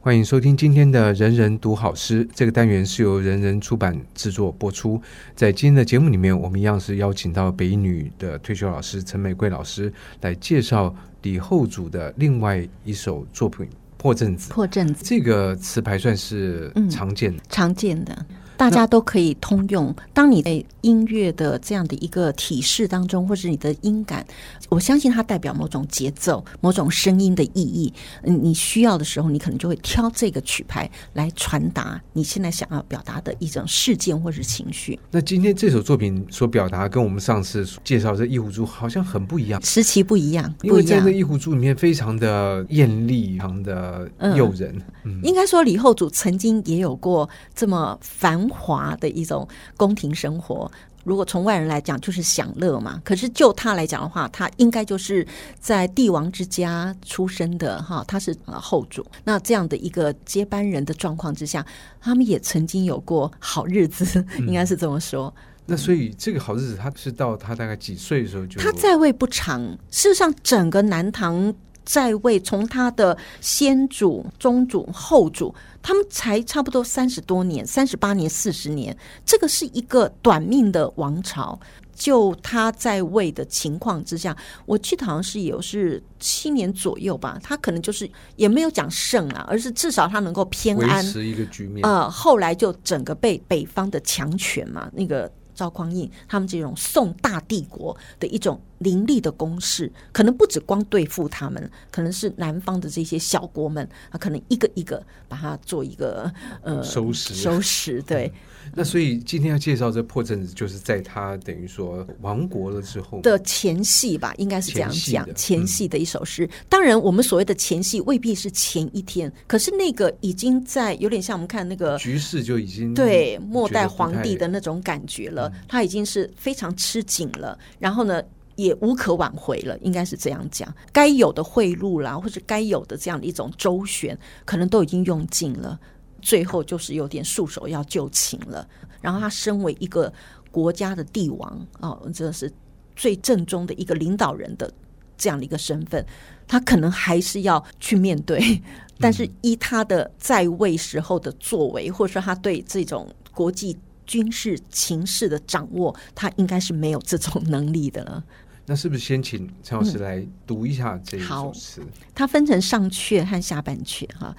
歡迎收聽今天的《人人讀好詩》，這個單元是由人人出版製作播出。在今天的節目裡面，我們一樣是邀請到北一女的退休老師陳美桂老師來介紹李後主的另外一首作品《破陣子》。破陣子這個詞牌算是常見的，嗯，常見的。大家都可以通用。當你在音樂的這樣的一個體式當中，或是你的音感，我相信它代表某種節奏、某種聲音的意義。你需要的時候，你可能就會挑這個曲牌來傳達你現在想要表達的一種事件或者情緒。那今天這首作品所表達跟我們上次介紹這《一斛珠》好像很不一樣，時期不一樣，因為這個為《一斛珠》裡面非常的豔麗，非常的誘人。嗯嗯、應該說，李後主曾經也有過這麼繁。華的一種宮廷生活，如果從外人來講，就是享樂嘛。可是就他來講的話，他應該就是在帝王之家出生的哈，他是呃後主。那這樣的一個接班人的狀況之下，他們也曾經有過好日子，嗯、應該是這麼說。那所以這個好日子，他是到他大概幾歲的時候，就他在位不長。事實上，整個南唐，在位從他的先主、中主、後主，他們才差不多三十多年，三十八年、四十年，這個是一個短命的王朝。就他在位的情況之下，我記得好像是有是七年左右吧，他可能就是也沒有講聖啊，而是至少他能夠偏安維持一個局面。呃，後來就整個被北方的強權嘛，那個趙匡胤，他們這種宋大帝國的一種，凌厲的攻勢，可能不只光對付他們，可能是南方的這些小國們，啊，可能一個一個把它做一個呃收拾收拾。對、嗯。那所以今天要介紹這破陣子，就是在他等於說亡國了之後的前夕吧，應該是這樣講前夕的,的一首詩、嗯。當然，我們所謂的前夕未必是前一天，可是那個已經在有點像我們看那個局勢就已經對末代皇帝的那種感覺了，覺嗯、他已經是非常吃緊了。然後呢？也無可挽回了，應該是這樣講。該有的賄賂啦，或者該有的這樣的一種周旋，可能都已經用盡了。最後就是有點束手要就擒了。然後他身為一個國家的帝王啊、哦，這是最正宗的一個領導人的這樣的一個身份，他可能還是要去面對。但是依他的在位時候的作為，嗯、或者說他對這種國際軍事情勢的掌握，他應該是沒有這種能力的了。那是不是先請陳老師來讀一下這一首詞？它、嗯、分成上闕和下半闕哈、啊。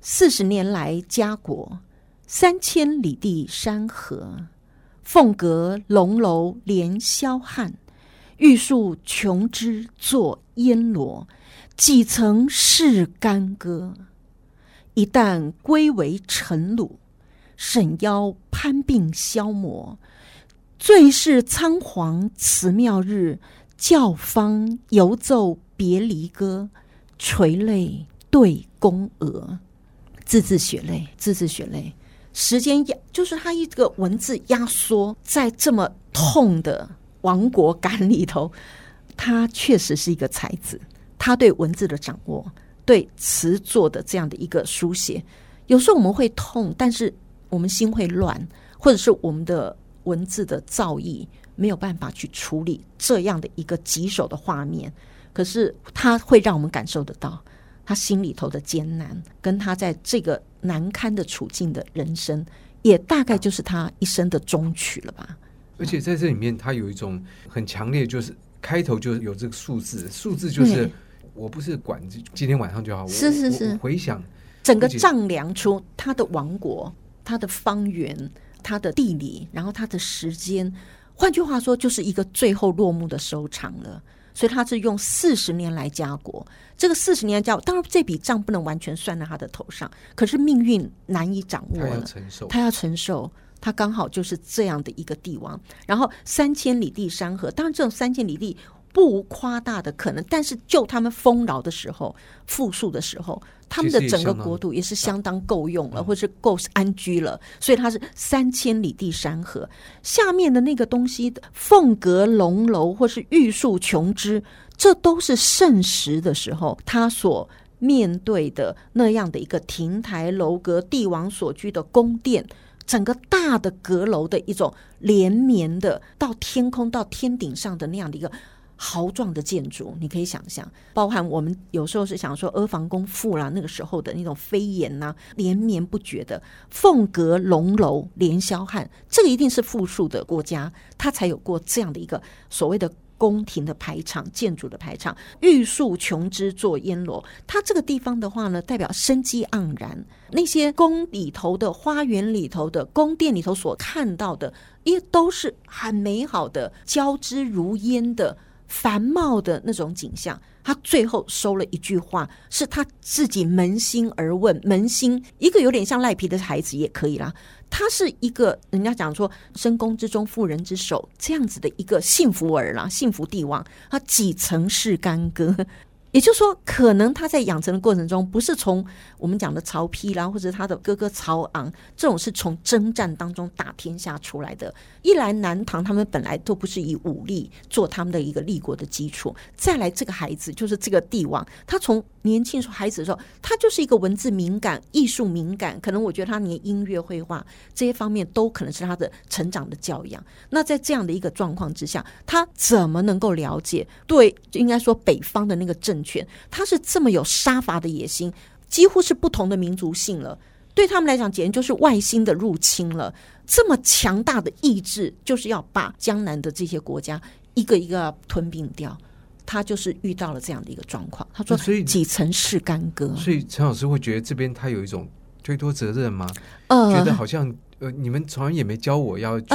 四十年來，家國三千里地山河，鳳閣龍樓連霄漢，玉樹瓊枝作煙蘿，幾曾識干戈？一旦歸為臣虜，沈腰潘鬢消磨。最是倉皇辭廟日，教坊猶奏別離歌，垂淚對宮娥。字字血淚，字字血淚。時間壓，就是他一個文字壓縮在這麼痛的亡國感裡頭。他確實是一個才子，他對文字的掌握，對詞作的這樣的一個書寫，有時候我們會痛，但是我們心會亂，或者是我們的。文字的造詣沒有辦法去處理這樣的一個棘手的畫面，可是它會讓我們感受得到他心裡頭的艱難，跟他在這個難堪的處境的人生，也大概就是他一生的終曲了吧。而且在這裡面，他有一種很強烈，就是開頭就有這個數字，數字就是我不是管今天晚上就好，是是是，回想整個丈量出他的王國，他的方圓。他的地理，然後他的時間，換句話說，就是一個最後落幕的收場了。所以他是用四十年來家國，這個四十年家國，當然這筆賬不能完全算在他的頭上，可是命運難以掌握了他，他要承受，他剛好就是這樣的一個帝王。然後三千里地山河，當然這種三千里地不無誇大的可能，但是就他們豐饒的時候、富庶的時候。他們的整個國土也是相當夠用了，或是夠安居了，嗯，所以他是三千里地山河。下面的那個東西，鳳閣龍樓或是玉樹瓊枝，這都是盛世的時候他所面對的那樣的一個亭台樓閣，帝王所居的宮殿，整個大的閣樓的一種連綿的到天空到天頂上的那樣的一個。豪壯的建築，你可以想象，包含我們有時候是想說阿房宮賦啦，那個時候的那種飛檐吶、啊，連綿不絕的鳳閣龍樓連霄漢，這個一定是富庶的國家，它才有過這樣的一個所謂的宮廷的排場、建築的排場。玉樹瓊枝作煙蘿，它這個地方的話呢，代表生機盎然。那些宮裡頭的花園裡頭的宮殿裡頭所看到的，也都是很美好的，交織如煙的。繁茂的那種景象，他最後收了一句話，是他自己捫心而問，捫心一個有點像賴皮的孩子也可以啦。他是一個人家講說深宮之中婦人之手這樣子的一個幸福兒啦，幸福帝王他幾曾識干戈？也就是說，可能他在養成的過程中，不是從我們講的曹丕啦，或者他的哥哥曹昂這種，是從征戰當中打天下出來的。一來南唐他們本來都不是以武力做他們的一個立國的基礎，再來這個孩子就是這個帝王，他從年輕時候孩子的時候，他就是一個文字敏感、藝術敏感，可能我覺得他連音樂、繪畫這些方面都可能是他的成長的教養。那在這樣的一個狀況之下，他怎麼能夠了解？對，應該說北方的那個政。他是這麼有殺伐的野心，幾乎是不同的民族性了。對他們來講，簡直就是外星的入侵了。這麼強大的意志，就是要把江南的這些國家一個一個吞併掉。他就是遇到了這樣的一個狀況。他說：“幾曾識干戈。所”所以陳老師會覺得這邊他有一種推脫責任嗎、呃？覺得好像。呃，你們從來也沒教我要去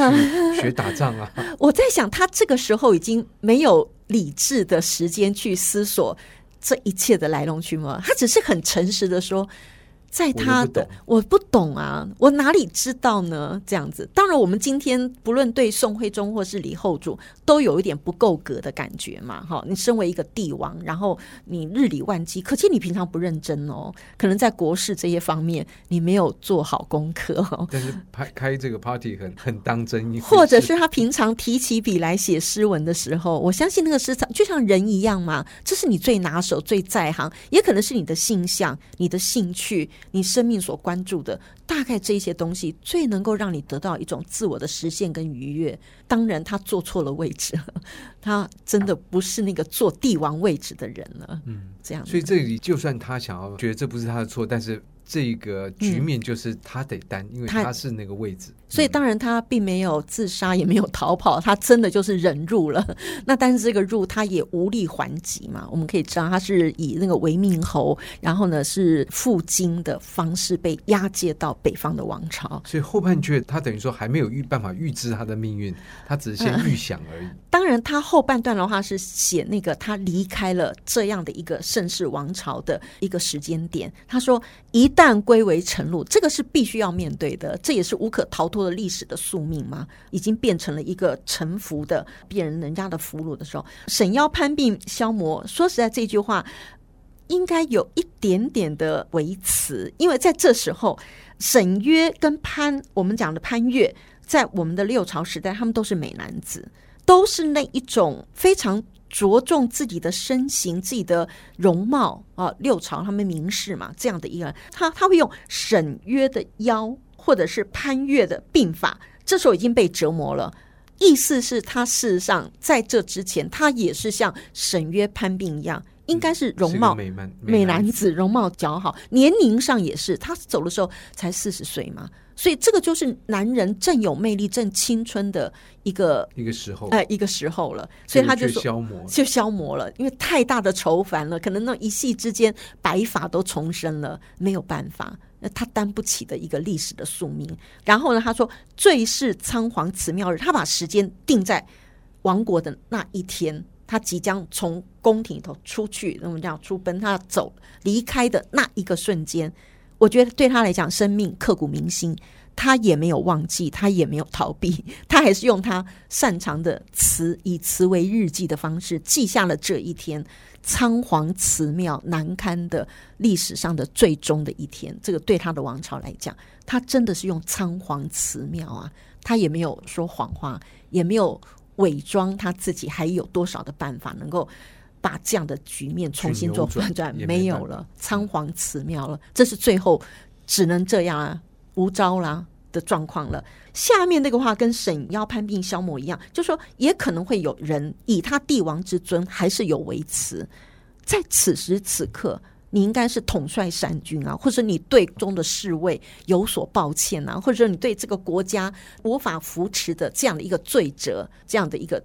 學打仗啊。呃，我在想，他這個時候已經沒有理智的時間去思索這一切的來龍去脈，他只是很誠實的說。在他的我不，我不懂啊，我哪裡知道呢？這樣子，當然我們今天不論對宋徽宗或是李後主，都有一點不夠格的感覺嘛。哈，你身為一個帝王，然後你日理萬機，可見你平常不認真哦。可能在國事這些方面，你沒有做好功課哦。但是拍開這個 party 很很當真一。或者是他平常提起筆來寫詩文的時候，我相信那個詩就像人一樣嘛。這是你最拿手、最在行，也可能是你的性向、你的興趣。你生命所關注的大概這些東西，最能夠讓你得到一種自我的實現跟愉悅。當然，他坐錯了位置，他真的不是那個坐帝王位置的人了。嗯，這樣。所以這裡，就算他想要覺得這不是他的錯，但是這個局面就是他得擔，嗯，因為他是那個位置。所以當然，他並沒有自殺，也沒有逃跑，他真的就是忍辱了。那但是這個辱，他也無力還擊嘛。我們可以知道，他是以那個違命侯，然後呢是赴京的方式被押解到北方的王朝。所以後半闋，他等於說還沒有預辦法、嗯、預知他的命運，他只是先預想而已。嗯、當然，他後半段的話是寫那個他離開了這樣的一個盛世王朝的一個時間點。他說，一旦歸為臣虜，這個是必須要面對的，這也是無可逃脫的。說了歷史的宿命嗎？已經變成了一個臣服的，別人、人家的俘虜的時候，沈腰潘鬢消磨。說實在，這句話應該有一點點的微詞，因為在這時候，沈約跟潘，我們講的潘岳，在我們的六朝時代，他們都是美男子，都是那一種非常着重自己的身形，自己的容貌啊。六朝他們名士嘛，這樣的一個他他會用沈約的腰。或者是潘岳的鬢髮，這時候已經被折磨了。意思是，他事實上在這之前，他也是像沈約潘鬢一樣，應該是容貌、嗯、是美，美、男美男子，容貌姣好，年齡上也是他走的時候才四十歲嘛。所以這個就是男人正有魅力、正青春的一個一個時候，哎、呃，一個時候了。所以他就說，這個、消磨就消磨了，因為太大的愁煩了，可能那一夕之間白髮都重生了，沒有辦法。那他擔不起的一個歷史的宿命。然後呢，他說：“最是倉皇辭廟日。”他把時間定在亡國的那一天，他即將從宮廷裡頭出去，那麼叫出奔，他走離開的那一個瞬間，我覺得對他來講，生命刻骨銘心。他也沒有忘記，他也沒有逃避，他還是用他擅長的詞，以詞為日記的方式記下了這一天倉皇辭廟難堪的歷史上的最終的一天。這個對他的王朝來講，他真的是用倉皇辭廟啊！他也沒有說謊話，也沒有偽裝他自己還有多少的辦法能夠把這樣的局面重新做反轉沒，沒有了，倉皇辭廟了，這是最後只能這樣啊。無招啦的狀況了。下面那個話跟沈腰潘鬢消磨一樣，就說也可能會有人以他帝王之尊還是有微詞。在此時此刻，你應該是統帥三軍啊，或者你對中的侍衛有所抱歉啊，或者你對這個國家無法扶持的這樣的一個罪責，這樣的一個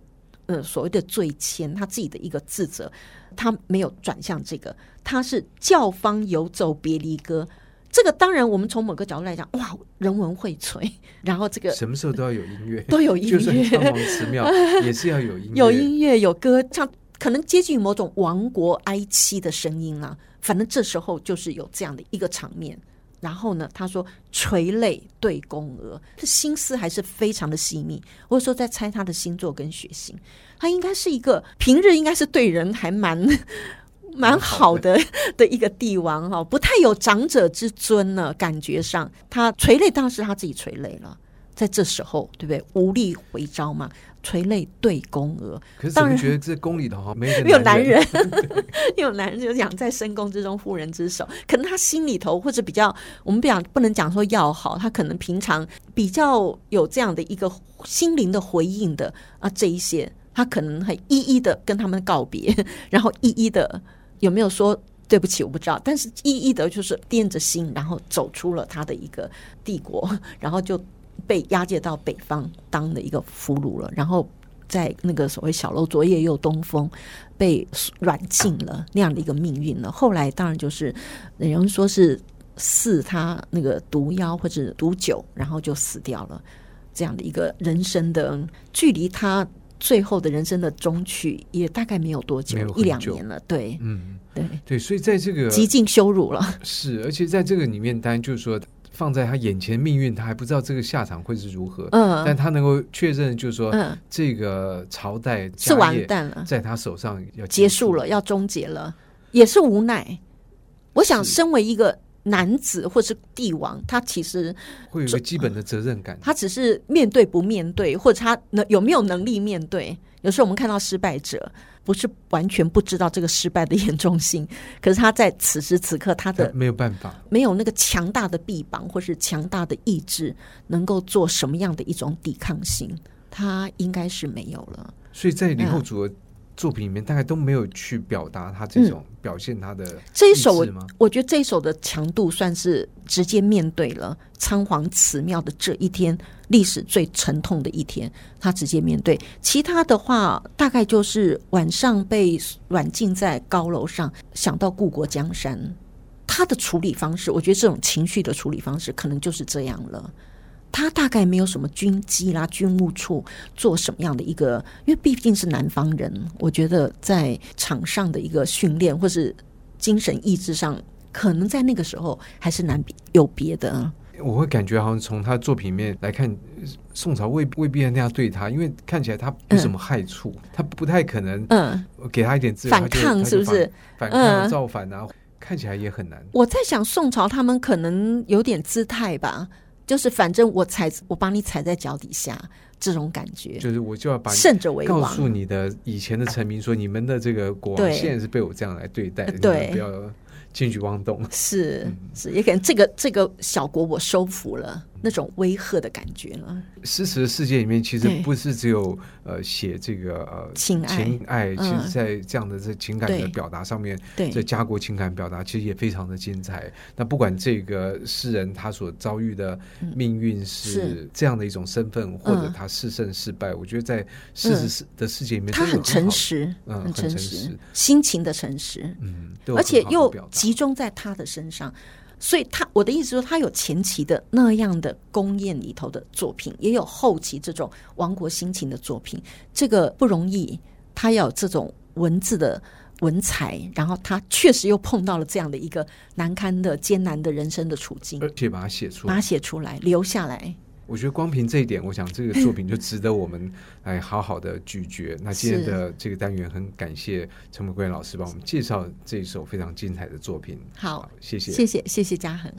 呃所謂的罪愆，他自己的一個自責，他沒有轉向這個，他是教坊猶奏別離歌。這個當然，我們從某個角度來講，哇，人文薈萃。然後這個什麼時候都要有音樂， 都有音樂， 就算倉皇辭廟， 也是要有音樂，有音樂有歌唱，可能接近某種亡國哀戚的聲音啊。反正這時候就是有這樣的一個場面。然後呢，他說垂淚對宮娥，他心思還是非常的細密。我有時候在猜他的星座跟血型。他應該是一個平日應該是對人還蠻。蠻好的的一個帝王哈，不太有長者之尊呢。感覺上他垂淚當時然是他自己垂淚了，在這時候，對不對？無力回招，嘛，垂淚對宮娥。可是你覺得這宮裡頭哈，沒有男人，有男人，有男人就養在深宮之中婦人之手，可能他心裡頭或者比較，我們講不，不能講說要好，他可能平常比較有這樣的一個心靈的回應的啊，這一些他可能還一一的跟他們告別，然後一一的。有沒有說對不起？我不知道。但是一一的，就是掂着心，然後走出了他的一個帝國，然後就被押解到北方當的一個俘虜了，然後在那個所謂小樓昨夜又東風，被軟禁了那樣的一個命運了。後來當然就是有人說是賜他那個毒藥或者毒酒，然後就死掉了，這樣的一個人生的距離他。最後的人生的終曲也大概沒有多久，沒有很久，一兩年了。嗯、對，嗯，對，對，所以在這個極盡羞辱了，是，而且在這個裡面，當然就是說，放在他眼前命運，他還不知道這個下場會是如何。嗯，但他能夠確認就是說，嗯、這個朝代是完蛋了，在他手上要結束了，要終結了，也是無奈。我想，身為一個。男子或是帝王，他其實會有一個基本的責任感、嗯。他只是面對不面對，或者他能有沒有能力面對？有時候我們看到失敗者，不是完全不知道這個失敗的嚴重性，可是他在此時此刻他，他的沒有辦法，沒有那個強大的臂膀或是強大的意志，能夠做什麼樣的一種抵抗性，他應該是沒有了。所以在李後主。作品裡面大概都沒有去表達他這種表現他的這一首，嗯、這一首我覺得這一首的強度算是直接面對了，倉皇辭廟的這一天，歷史最沉痛的一天，他直接面對。其他的話大概就是晚上被軟禁在高樓上，想到故國江山，他的處理方式，我覺得這種情緒的處理方式可能就是這樣了。他大概沒有什麼軍機啦，軍務處做什麼樣的一個？因為畢竟是南方人，我覺得在場上的一個訓練或是精神意志上，可能在那個時候還是難有別的。我會感覺好像從他作品面來看，宋朝未未必要那樣對他，因為看起來他不什麼害處，他不太可能嗯給他一點自由反抗，是不是？反抗造反啊，看起來也很難。我在想宋朝他們可能有點姿態吧。就是反正我踩，我把你踩在腳底下，這種感覺。就是我就要把勝者為王，告訴你的以前的臣民說，你們的這個國王現在是被我這樣來對待，對，你們不要輕舉妄動。嗯、是是，也可能這個這個小國我收服了。那種威嚇的感覺了。詩詞的世界裡面，其實不是只有呃寫這個、呃、情愛，情愛、嗯、其實在這樣的在情感的表達上面對對，這家國情感表達其實也非常的精彩。那不管這個詩人他所遭遇的命運是這樣的一種身份，嗯、或者他是勝是是勝是敗，我覺得在詩詞的的世界裡面、嗯，他很誠實，嗯，很誠實，心情的誠實，嗯，而且又集中在他的身上。所以他，我的意思說，他有前期的那樣的宮宴裡頭的作品，也有後期這種亡國心情的作品。這個不容易，他要這種文字的文采，然後他確實又碰到了這樣的一個難堪的、艱難的人生的處境，而且把它寫出來，把它寫出來，留下來。我覺得光憑這一點，我想這個作品就值得我們來好好的咀嚼。 那今天的這個單元，很感謝陳美桂老師幫我們介紹這一首非常精彩的作品。好，謝謝，謝謝，謝謝嘉恆。